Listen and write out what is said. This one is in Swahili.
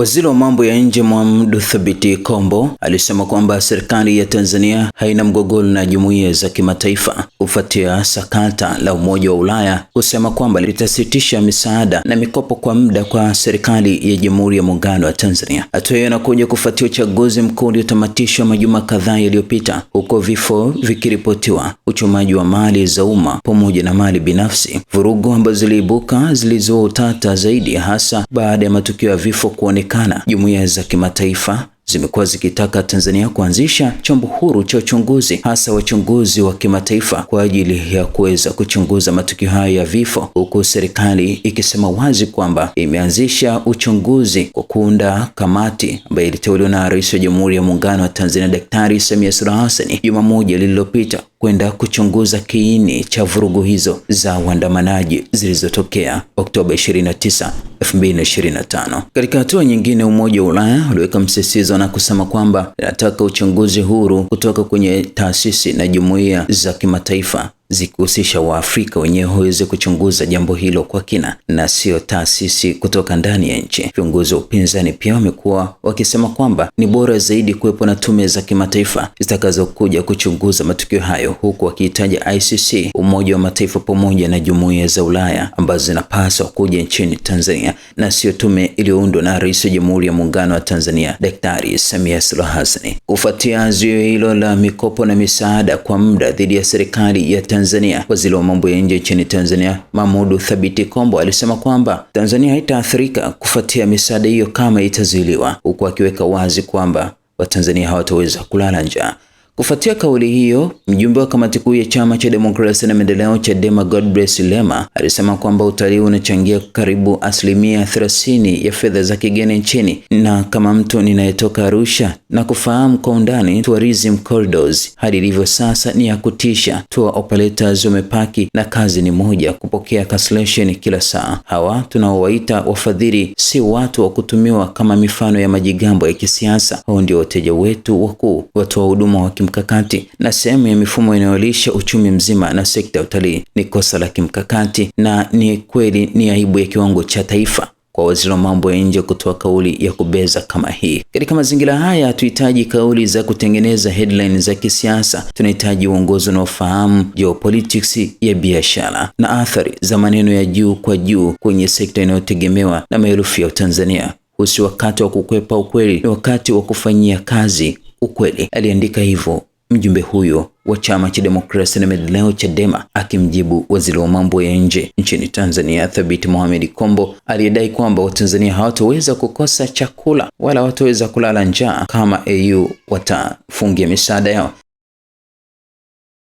Waziri wa mambo ya nje Mohamed Thabiti Kombo alisema kwamba serikali ya Tanzania haina mgogoro na jumuiya za kimataifa kufuatia sakata la Umoja wa Ulaya kusema kwamba litasitisha misaada na mikopo kwa muda kwa serikali ya Jamhuri ya Muungano wa Tanzania. Hatua hiyo inakuja kufuatia uchaguzi mkuu uliotamatishwa majuma kadhaa yaliyopita, huko vifo vikiripotiwa, uchomaji wa mali za umma pamoja na mali binafsi, vurugu ambazo ziliibuka zilizoutata utata zaidi, hasa baada ya matukio ya vifo kuonekana kuonekana. Jumuiya za kimataifa zimekuwa zikitaka Tanzania kuanzisha chombo huru cha uchunguzi, hasa wachunguzi wa kimataifa kwa ajili ya kuweza kuchunguza matukio hayo ya vifo, huku serikali ikisema wazi kwamba imeanzisha uchunguzi kwa kuunda kamati ambayo iliteuliwa na Rais wa Jamhuri ya Muungano wa Tanzania Daktari Samia Suluhu Hassan juma moja lililopita kwenda kuchunguza kiini cha vurugu hizo za uandamanaji zilizotokea Oktoba 29, 2025. Katika hatua nyingine, Umoja wa Ulaya uliweka msisitizo na kusema kwamba inataka uchunguzi huru kutoka kwenye taasisi na jumuiya za kimataifa zikihusisha Waafrika wenyewe waweze kuchunguza jambo hilo kwa kina na sio taasisi kutoka ndani ya nchi. Viongozi wa upinzani pia wamekuwa wakisema kwamba ni bora zaidi kuwepo na tume za kimataifa zitakazokuja kuchunguza matukio hayo, huku wakihitaja ICC, Umoja wa Mataifa pamoja na jumuiya za Ulaya ambazo zinapaswa kuja nchini Tanzania na sio tume iliyoundwa na Rais wa Jamhuri ya Muungano wa Tanzania Daktari Samia Suluhu Hassan. Kufuatia zuio hilo la mikopo na misaada kwa muda dhidi ya serikali ya Tanzania Tanzania. Waziri wa mambo ya nje nchini Tanzania mahmudu Thabiti Kombo alisema kwamba Tanzania haitaathirika kufuatia misaada hiyo kama itazuiliwa, huku akiweka wazi kwamba Watanzania hawataweza kulala njaa. Kufuatia kauli hiyo, mjumbe wa kamati kuu ya chama cha demokrasia na maendeleo Chadema Godbless Lema alisema kwamba utalii unachangia karibu asilimia 30 ya fedha za kigeni nchini, na kama mtu ninayetoka Arusha na kufahamu kwa undani tourism corridors hadi ilivyo sasa ni ya kutisha. Tour operators wamepaki na kazi ni moja, kupokea cancellation kila saa. Hawa tunaowaita wafadhili si watu wa kutumiwa kama mifano ya majigambo ya kisiasa. Hao ndio wateja wetu wakuu, watoa huduma wa kimkakati na sehemu ya mifumo inayolisha uchumi mzima na sekta ya utalii ni kosa la kimkakati na ni kweli ni aibu ya kiwango cha taifa kwa waziri wa mambo ya nje kutoa kauli ya kubeza kama hii. Katika mazingira haya, hatuhitaji kauli za kutengeneza headline za kisiasa. Tunahitaji uongozi unaofahamu geopolitics ya biashara na athari za maneno ya juu kwa juu kwenye sekta inayotegemewa na maelfu ya Tanzania. Usi wakati wa kukwepa ukweli, ni wakati wa kufanyia kazi ukweli. Aliandika hivyo mjumbe huyo wa chama cha demokrasia na maendeleo Chadema akimjibu waziri wa mambo ya nje nchini Tanzania Thabit Mohamed Kombo aliyedai kwamba Watanzania hawataweza kukosa chakula wala hawataweza kulala njaa kama AU watafungia misaada yao.